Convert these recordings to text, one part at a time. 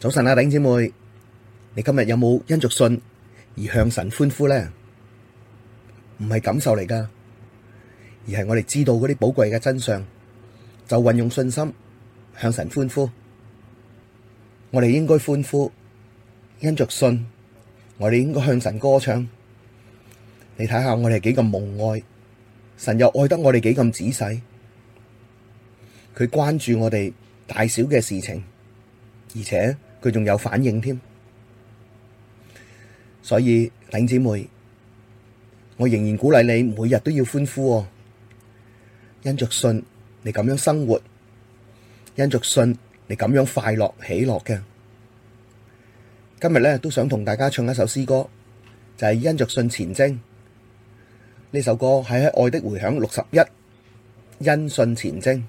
早晨啊，弟兄姐妹，你今日有冇因着信而向神歡呼呢？唔係感受嚟噶，而係我哋知道嗰啲寶貴嘅真相，就運用信心向神歡呼。我哋應該歡呼，因着信，我哋應該向神歌唱。你睇下我哋幾咁蒙愛，神又愛得我哋幾咁仔細，佢關注我哋大小嘅事情，而且。佢仲有反應添，所以弟兄姊妹，我仍然鼓勵你每日都要歡呼哦，因着信你咁樣生活，因着信你咁樣快樂喜樂嘅。今日呢，都想同大家唱一首詩歌，就係因着信前征，呢首歌係喺《愛的迴響》六十一，因信前征。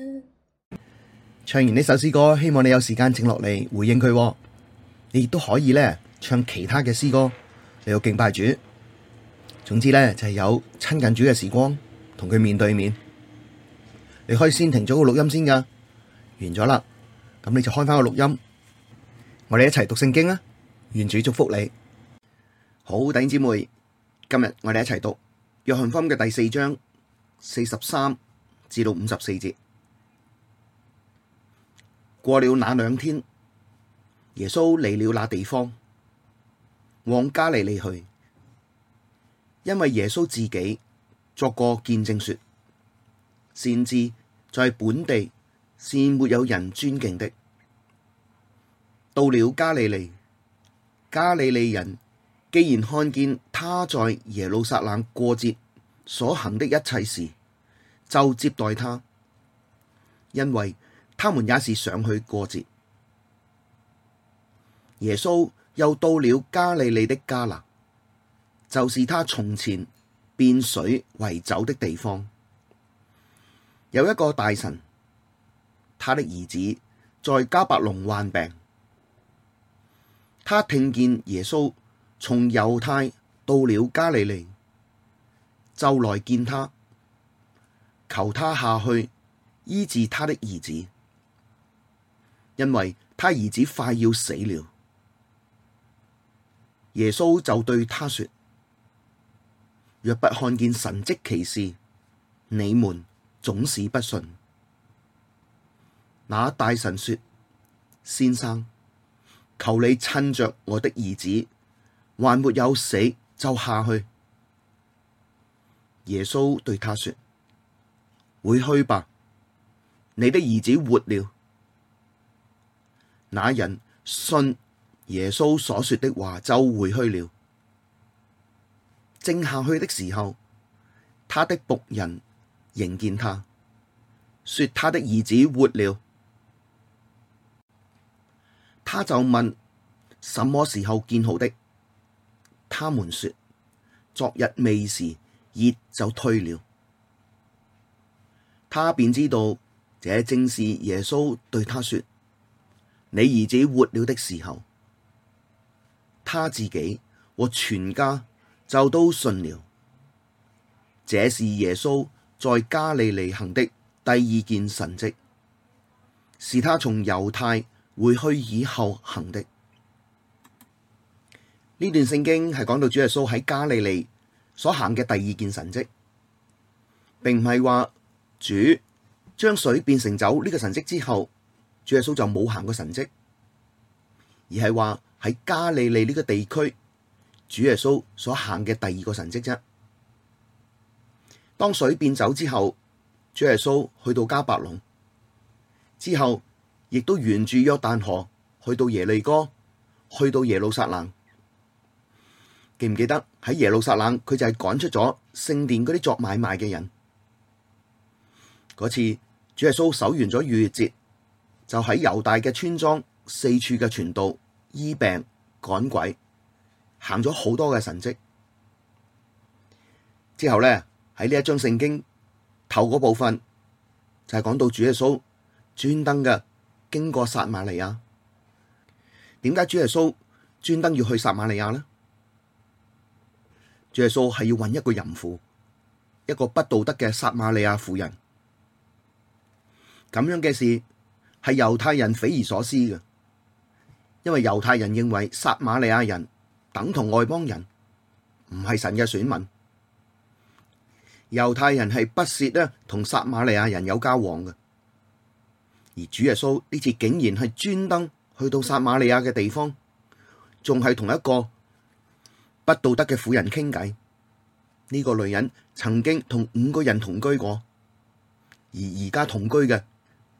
唱完呢首詩歌，希望你有時間靜落嚟回應佢。你亦都可以咧唱其他嘅詩歌你要敬拜主。總之咧就係有親近主嘅時光，同佢面對面。你可以先停咗個錄音先噶，完咗啦，咁你就開翻個錄音。我哋一齊讀聖經啊！願主祝福你。好，弟兄姊妹，今日我哋一齊讀約翰福音嘅第四章四十三至到五十四節。過了那兩天，耶穌離了那地方，往加利利去，因為耶穌自己作過見證說，先知在本地是沒有人尊敬的。到了加利利，加利利人既然看見他在耶路撒冷過節所行的一切事，就接待他，因為。他們也是上去過節。耶穌又到了加利利的迦拿，就是他從前變水為酒的地方。有一個大臣，他的兒子在迦百農患病，他聽見耶穌從猶太到了加利利，就來見他，求他下去醫治他的兒子。因為他兒子快要死了，耶穌就對他說：若不看見神蹟奇事，你們總是不信。那大臣說：先生，求你趁着我的兒子還沒有死，就下去。耶穌對他說：回去吧，你的兒子活了。那人信耶穌所說的話，就回去了。正下去的時候，他的僕人迎見他，說他的兒子活了。他就問：什麼時候見好的？他們說：昨日未時，熱就退了。他便知道，這正是耶穌對他說，你兒子活了的時候，他自己和全家就都信了。這是耶穌在加利利行的第二件神蹟，是他從猶太回去以後行的。呢段聖經係講到主耶穌喺加利利所行嘅第二件神蹟，並唔係話主將水變成酒呢個神迹之後。主耶穌就冇行過神蹟，而係話喺加利利呢個地區，主耶穌所行嘅第二個神蹟啫。當水變酒之後，主耶穌去到迦百農之後，亦都沿住約旦河去到耶利哥，去到耶路撒冷。記唔記得喺耶路撒冷佢就係趕出咗聖殿嗰啲作買賣嘅人？嗰次主耶穌守完咗逾越節。就喺猶大嘅村莊四處嘅傳道醫病趕鬼，行咗好多嘅神蹟。之後咧，喺呢一章聖經頭嗰部分就係講到主耶穌專登嘅經過撒瑪利亞。點解主耶穌專登要去撒瑪利亞咧？主耶穌係要揾一個淫婦，一個不道德嘅撒瑪利亞婦人，咁樣嘅事。係猶太人匪夷所思嘅，因為猶太人認為撒瑪利亞人等同外邦人，唔係神嘅選民。猶太人係不屑咧同撒瑪利亞人有交往嘅，而主耶穌呢次竟然係專登去到撒瑪利亞嘅地方，仲係同一個不道德嘅婦人傾偈。呢、這個女人曾經同五個人同居過，而而家同居嘅。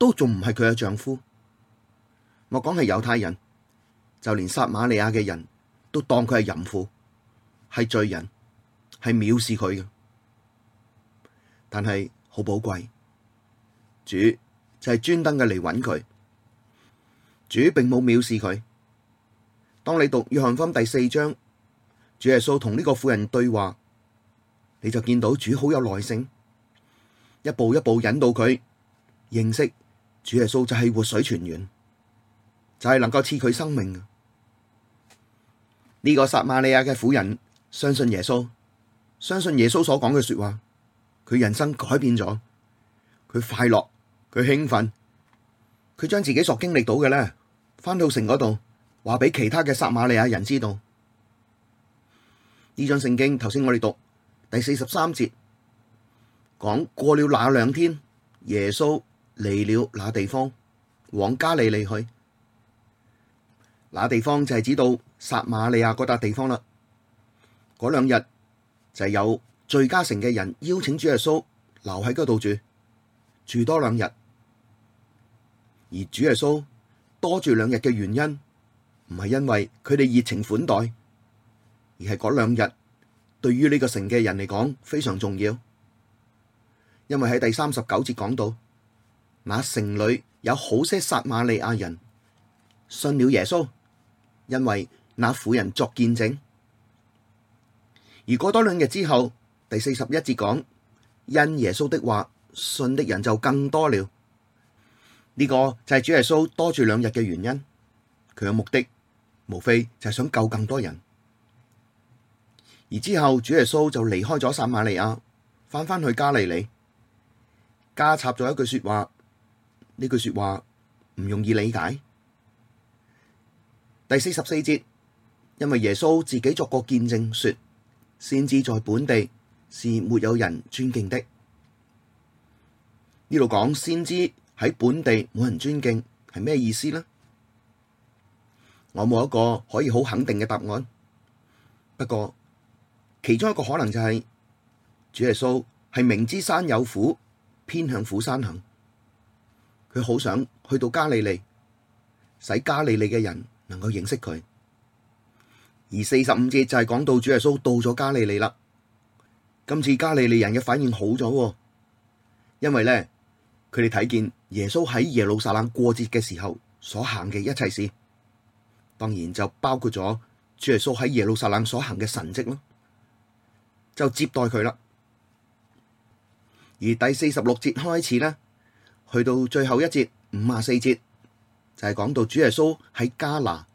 都仲唔係佢嘅丈夫，我講係猶太人，就連撒瑪利亞嘅人都當佢係淫婦，係罪人，係藐視佢嘅。但係好寶貴，主就係專登嘅嚟揾佢，主並冇藐視佢。當你讀約翰福音第四章，主耶穌同呢個婦人對話，你就見到主好有耐性，一步一步引導佢認識。主耶穌就係活水泉源，就係、是、能夠賜佢生命。呢、這個撒瑪利亞嘅婦人相信耶穌，相信耶穌所講嘅說話，佢人生改變咗，佢快樂，佢興奮，佢將自己所經歷到嘅咧，翻到城嗰度話俾其他嘅撒瑪利亞人知道。呢章聖經頭先我哋讀第四十三節，講過了那兩天，耶穌。離了那地方，往加利利去。那地方就係指到撒瑪利亞嗰笪地方啦。嗰兩日就係、是、有敘加城嘅人邀請主耶穌留喺嗰度住，住多兩日。而主耶穌多住兩日嘅原因，唔係因為佢哋熱情款待，而係嗰兩日對於呢個城嘅人嚟講非常重要，因為喺第三十九節講到。那城裏有好些撒瑪利亞人信了耶穌，因為那婦人作見證。而過多兩日之後，第四十一節講：因耶穌的話，信的人就更多了。呢、這個就係主耶穌多住兩日嘅原因，佢嘅目的，無非就係想救更多人。而之後，主耶穌就離開咗撒瑪利亞，翻返去加利利，加插咗一句說話。呢句說話唔容易理解。第四十四節，因為耶穌自己作過見證說，先知在本地是沒有人尊敬的。呢度講先知喺本地冇人尊敬係咩意思呢？我冇一個可以好肯定嘅答案。不過其中一個可能就係，主耶穌係明知山有虎，偏向虎山行。佢好想去到加利利，使加利利嘅人能夠認識佢。而四十五節就係講到主耶穌到咗加利利啦。今次加利利人嘅反應好咗，因為咧佢哋睇見耶穌喺耶路撒冷過節嘅時候所行嘅一切事，當然就包括咗主耶穌喺耶路撒冷所行嘅神蹟咯，就接待佢啦。而第四十六節開始咧。去到最後一節五十四節，就係、是、講到主耶穌喺迦拿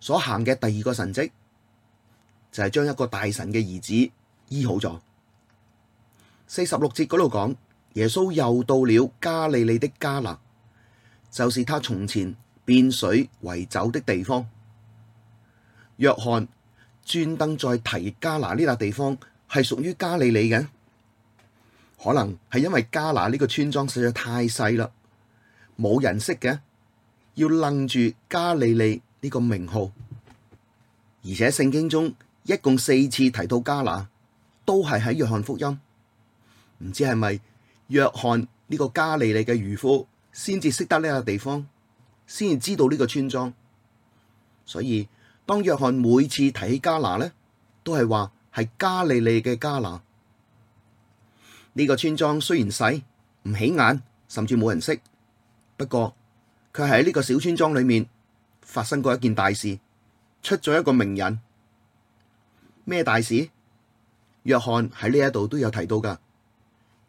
所行嘅第二個神蹟，就係、是、將一個大臣嘅兒子醫好咗。四十六節嗰度講，耶穌又到了加利利的迦拿，就是他從前變水為酒的地方。約翰專登再提迦拿呢笪地方係屬於加利利嘅。可能係因為迦拿呢個村莊實在太細啦，冇人識嘅，要拎住加利利呢個名號。而且聖經中一共四次提到迦拿，都係喺約翰福音。唔知係咪約翰呢個加利利嘅漁夫先至識得呢個地方，先至知道呢個村莊。所以當約翰每次提起迦拿咧，都係話係加利利嘅迦拿。呢個村莊雖然細唔起眼，甚至冇人識，不過佢喺呢個小村莊裏面發生過一件大事，出咗一個名人。咩大事？約翰喺呢一度都有提到噶，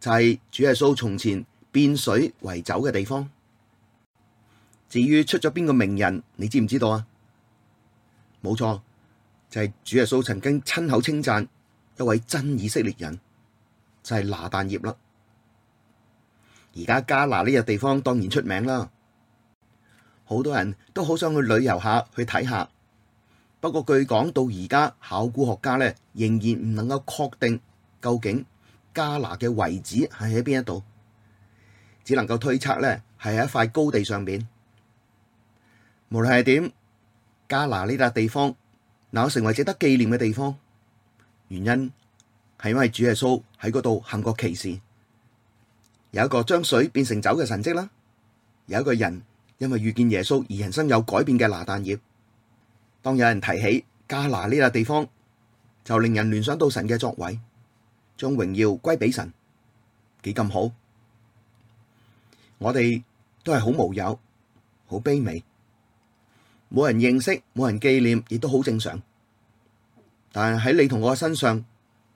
就係主耶穌從前變水為酒嘅地方。至於出咗邊個名人，你知唔知道啊？冇錯，就係主耶穌曾經親口稱讚一位真以色列人。就係拿但業啦，而家迦拿呢個地方當然出名啦，好多人都好想去旅遊下，去睇下。不過據講到而家考古學家咧，仍然唔能夠確定究竟迦拿嘅位置係喺邊一度，只能夠推測咧係喺一塊高地上面。無論係點，迦拿呢笪地方能夠成為值得紀念嘅地方，原因，係因為主耶穌喺嗰度行過奇事，有一個將水變成酒嘅神蹟啦，有一個人因為遇見耶穌而人生有改變嘅拿但業。當有人提起迦拿呢個地方，就令人聯想到神嘅作為，將榮耀歸俾神，幾咁好。我哋都係好無有，好卑微，冇人認識，冇人紀念，亦都好正常。但係喺你同我身上。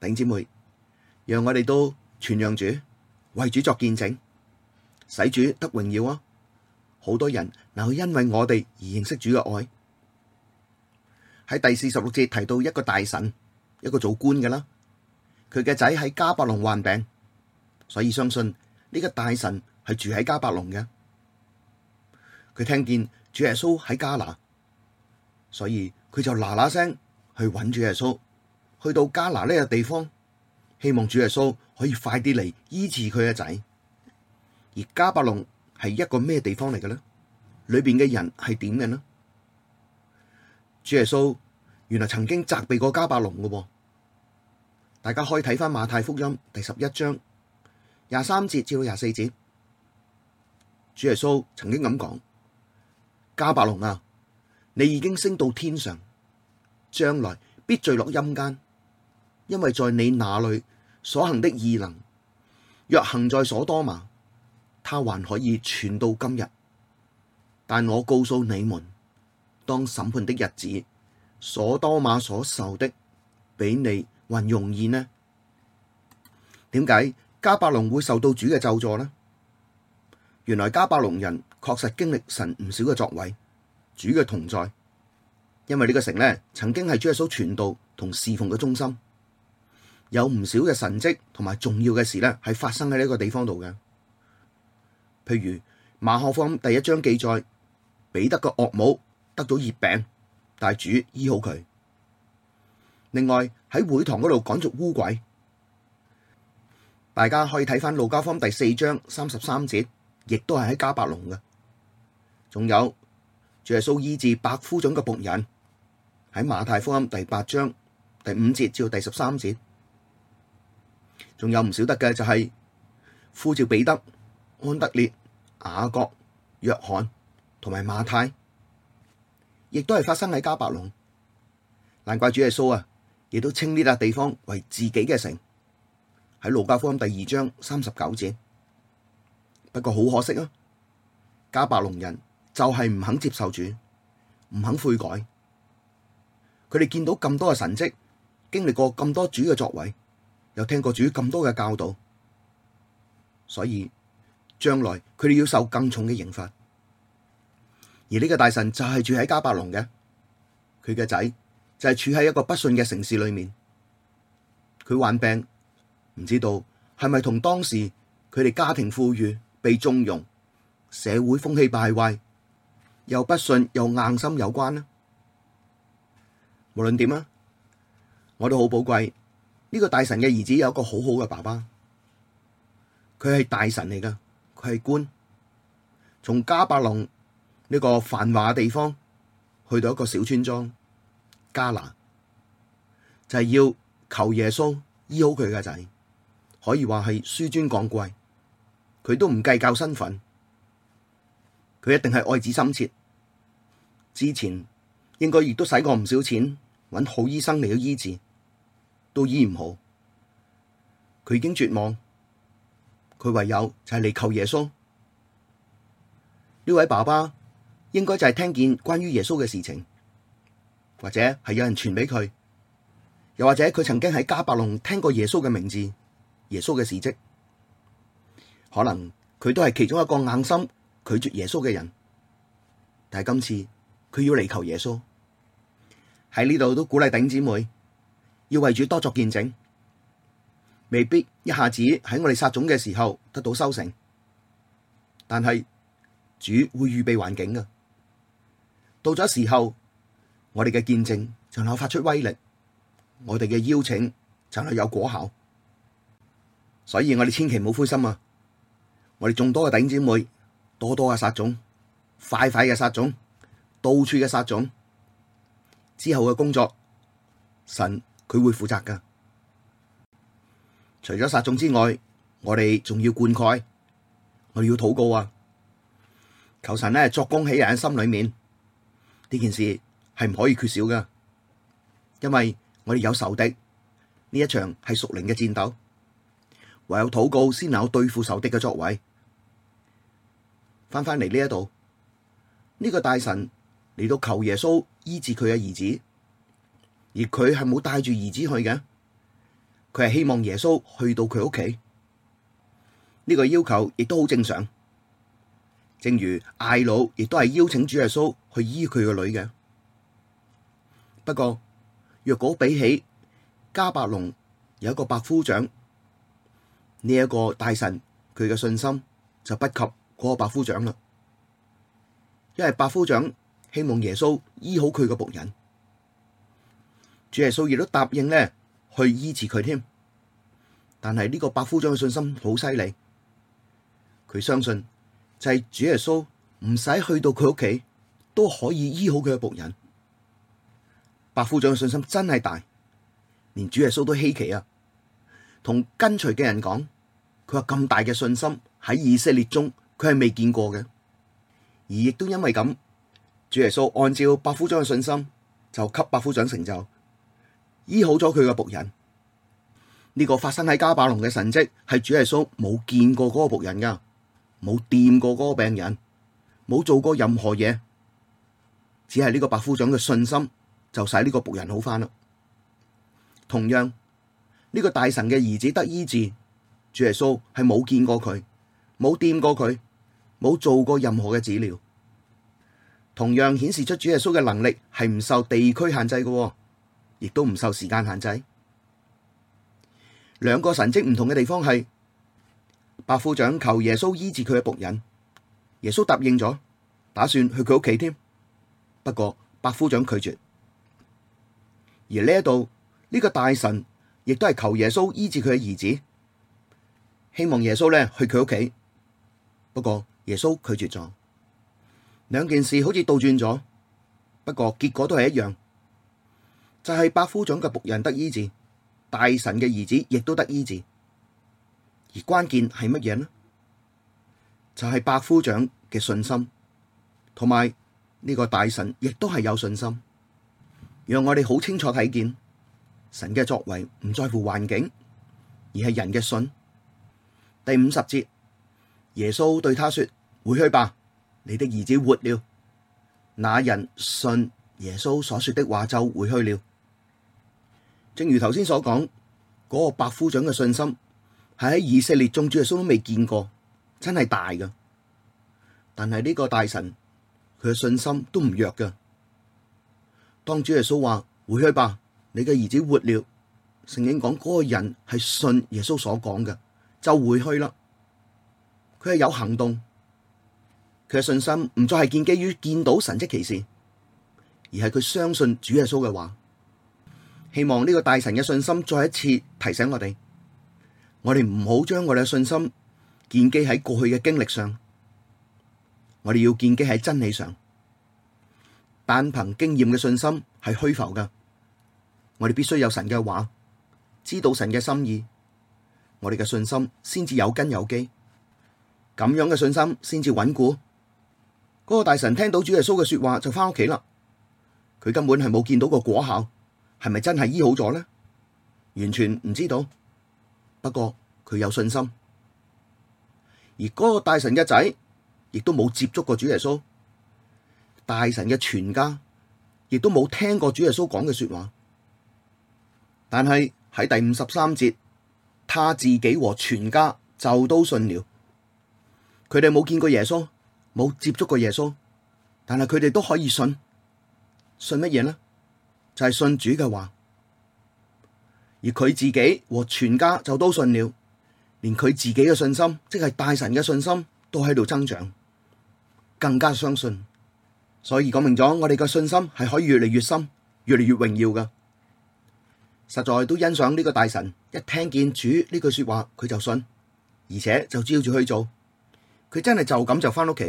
頂姐妹，讓我哋都全讓主，為主作見證，使主得榮耀啊！好多人能夠因為我哋而認識主嘅愛。喺第四十六節提到一個大臣，一個做官嘅啦，佢嘅仔喺迦百農患病，所以相信呢個大臣係住喺迦百農嘅。佢聽見主耶穌喺迦拿，所以佢就嗱嗱聲去揾主耶穌。去到迦拿呢個地方，希望主耶穌可以快啲嚟醫治佢嘅仔。而迦百農係一個咩地方嚟嘅咧？裏邊嘅人係點嘅呢？主耶穌原來曾經責備過迦百農嘅，大家可以睇翻馬太福音第十一章廿三節至到廿四節，主耶穌曾經咁講：迦百農啊，你已經升到天上，將來必墜落陰間。因為在你那裏所行的異能，若行在所多瑪，他還可以傳到今日。但我告訴你們，當審判的日子，所多瑪所受的比你還容易呢。點解迦百農會受到主嘅咒詛呢？原來迦百農人確實經歷神唔少嘅作為，主嘅同在，因為呢個城咧曾經係主耶穌傳道同侍奉嘅中心。有唔少嘅神蹟同埋重要嘅事咧，係發生喺呢個地方度嘅。譬如馬可福音第一章記載，彼得個岳母得咗熱病，但係主醫好佢。另外喺會堂嗰度趕逐烏鬼，大家可以睇翻路加福音第四章三十三節，亦都係喺迦百農嘅。仲有，耶穌醫治百夫長嘅僕人，喺馬太福音第八章第五節至到第十三節。仲有唔少得嘅，就係、是、呼召彼得、安德烈、雅各、約翰同埋馬太，亦都係發生喺迦百農。難怪主耶穌啊，亦都稱呢笪地方為自己嘅城，喺路加福音第二章三十九節。不過好可惜啊，迦百農人就係唔肯接受主，唔肯悔改。佢哋見到咁多嘅神蹟，經歷過咁多主嘅作為，又聽過主咁多嘅教導，所以將來佢哋要受更重嘅刑罰。而呢個大臣就係住喺迦百農嘅，佢嘅仔就係處喺一個不信嘅城市裏面。佢患病，唔知道係咪同當時佢哋家庭富裕、被縱容、社會風氣敗壞又不信又硬心有關呢？無論點啊，我都好寶貴。呢個大臣嘅兒子有一個好好嘅爸爸，佢係大臣嚟噶，佢係官，從迦百農呢個繁華嘅地方去到一個小村莊迦拿，就係、是、要求耶穌醫好佢嘅仔，可以話係紆尊降貴，佢都唔計較身份，佢一定係愛子深切，之前應該亦都使過唔少錢揾好醫生嚟到醫治。都醫唔好，佢已經絕望，佢唯有就係嚟求耶穌。呢位爸爸應該就係聽見關於耶穌嘅事情，或者係有人傳俾佢，又或者佢曾經喺迦百農聽過耶穌嘅名字、耶穌嘅事跡，可能佢都係其中一個硬心拒絕耶穌嘅人，但係今次佢要嚟求耶穌，喺呢度都鼓勵弟兄姊妹。要為主多作見證，未必一下子喺我哋撒種嘅時候得到收成，但係主會預備環境嘅。到咗時候，我哋嘅見證就能夠發出威力，我哋嘅邀請就能有果效。所以我哋千祈唔好灰心啊！我哋眾多嘅弟兄姊妹，多多嘅撒種，快快嘅撒種，到處嘅撒種，之後嘅工作，神。佢會負責噶，除咗撒種之外，我哋仲要灌溉，我哋要禱告啊，求神咧作工喺人嘅心裏面，呢件事係唔可以缺少噶，因為我哋有仇敵，呢一場係屬靈嘅戰鬥，唯有禱告先能夠對付仇敵嘅作為。翻翻嚟呢一度，呢個大臣嚟到求耶穌醫治佢嘅兒子。而佢係冇帶住兒子去嘅，佢係希望耶穌去到佢屋企，呢、這個要求亦都好正常。正如艾老亦都係邀請主耶穌去醫佢個女嘅，不過若果比起迦百農有一個百夫長呢一、這個大臣，佢嘅信心就不及嗰個百夫長啦，因為百夫長希望耶穌醫好佢個僕人。主耶穌亦都答應咧去醫治佢添，但係呢個百夫長嘅信心好犀利，佢相信就係主耶穌唔使去到佢屋企都可以醫好佢嘅僕人。百夫長嘅信心真係大，連主耶穌都稀奇啊！同跟隨嘅人講，佢話咁大嘅信心喺以色列中，佢係未見過嘅，而亦都因為咁，主耶穌按照百夫長嘅信心就給百夫長成就。醫好咗佢，這個、個僕人，呢個發生喺迦百農嘅神迹係主耶穌冇見過嗰個僕人噶，冇掂過嗰個病人，冇做過任何嘢，只係呢個百夫長嘅信心就使呢個僕人好翻啦。同樣，呢、這個大臣嘅兒子得醫治，主耶穌係冇見過佢，冇掂過佢，冇做過任何嘅治療。同樣顯示出主耶穌嘅能力係唔受地區限制嘅。亦都唔受時間限制。兩個神蹟唔同嘅地方係，百夫長求耶穌醫治佢嘅僕人，耶穌答應咗，打算去佢屋企添。不過百夫長拒絕。而呢一度呢個大臣亦都係求耶穌醫治佢嘅兒子，希望耶穌咧去佢屋企。不過耶穌拒絕咗。兩件事好似倒轉咗，不過結果都係一樣。就係百夫長嘅僕人得醫治，大臣嘅兒子亦都得醫治，而關鍵係乜嘢呢？就係百夫長嘅信心，同埋呢個大臣亦都係有信心，讓我哋好清楚睇見神嘅作為唔在乎環境，而係人嘅信。第五十節，耶穌對他說：回去吧，你的兒子活了。那人信耶穌所說的話，就回去了。正如頭先所講，嗰、那個百夫長嘅信心係喺以色列眾主耶穌都未見過，真係大噶。但係呢個大臣，佢嘅信心都唔弱噶。當主耶穌話回去吧，你嘅兒子活了。聖經講嗰、那個人係信耶穌所講嘅，就回去啦。佢係有行動，佢嘅信心唔再係建基於見到神蹟奇事，而係佢相信主耶穌嘅話。希望呢個大臣嘅信心再一次提醒我哋，我哋唔好將我哋嘅信心建基喺過去嘅經歷上，我哋要建基喺真理上。單憑經驗嘅信心係虛浮噶，我哋必須有神嘅話，知道神嘅心意，我哋嘅信心先至有根有基。咁樣嘅信心先至穩固。嗰、那個大臣聽到主耶穌嘅說話就翻屋企啦，佢根本係冇見到個果效。係咪真係醫好咗咧？完全唔知道。不過佢有信心，而嗰個大臣嘅仔亦都冇接觸過主耶穌，大臣嘅全家亦都冇聽過主耶穌講嘅說話。但係喺第五十三節，他自己和全家就都信了。佢哋冇見過耶穌，冇接觸過耶穌，但係佢哋都可以信，信乜嘢呢？就係信主嘅話，而佢自己和全家就都信了，連佢自己嘅信心，即係大臣嘅信心，都喺度增長，更加相信。所以講明咗，我哋嘅信心係可以越嚟越深，越嚟越榮耀噶。實在都欣賞呢個大臣，一聽見主呢句說話，佢就信，而且就照住去做。佢真係就咁就返屋企，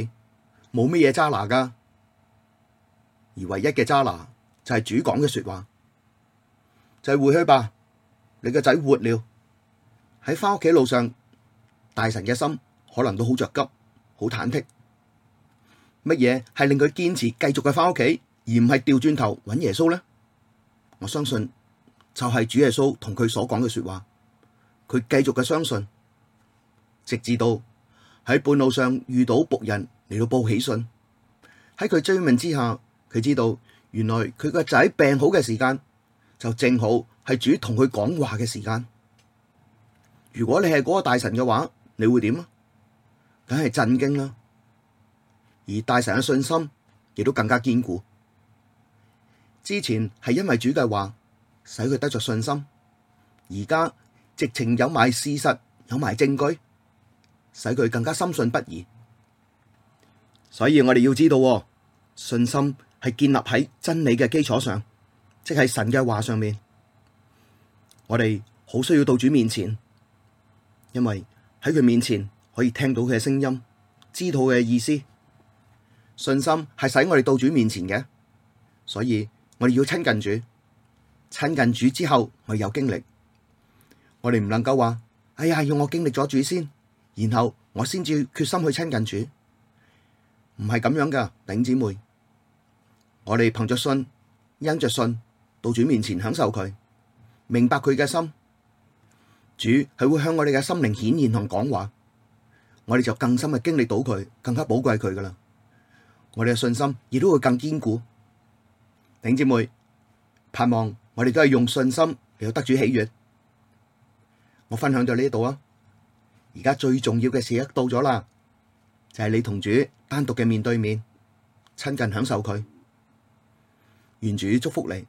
冇乜嘢揸拿噶，而唯一嘅揸拿。係主講嘅說話，就係、是、回去吧。你個仔活了，喺翻屋企路上，大臣嘅心可能都好着急，好忐忑。乜嘢係令佢堅持繼續嘅翻屋企，而唔係掉轉頭揾耶穌呢？我相信就係主耶穌同佢所講嘅說話，佢繼續嘅相信，直至到喺半路上遇到僕人嚟到報喜訊，喺佢追問之下，佢知道。原來佢個仔病好嘅時間，就正好係主同佢講話嘅時間。如果你係嗰個大臣嘅話，你會點啊？梗係震驚啦，而大臣嘅信心亦都更加堅固。之前係因為主嘅話，使佢得着信心；而家直情有埋事實，有埋證據，使佢更加深信不疑。所以我哋要知道信心係建立喺真理嘅基礎上，即係神嘅話上面，我哋好需要到主面前，因為喺佢面前可以聽到佢嘅聲音，知道佢嘅意思。信心係使我哋到主面前嘅，所以我哋要親近主。親近主之後，我有經歷，我哋唔能夠話：哎呀，要我經歷咗主先，然後我先至決心去親近主。唔係咁樣噶，頂姊妹。我哋憑着信，因着信到主面前享受佢，明白佢嘅心。主係會向我哋嘅心靈顯現同講話，我哋就更深嘅經歷到佢，更加寶貴佢噶啦。我哋嘅信心亦都會更堅固。弟兄姊妹，盼望我哋都係用信心嚟到得主喜悅。我分享到呢度啊！而家最重要嘅時刻到咗啦，就係、是、你同主單獨嘅面對面親近享受佢。願主祝福你。